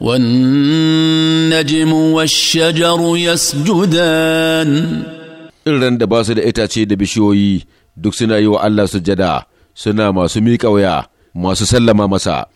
والنجم والشجر يسجدان irin da ba su da itace da bishiyoyi duk suna yi wa Allah sujada suna masu miƙa waya masu sallama masa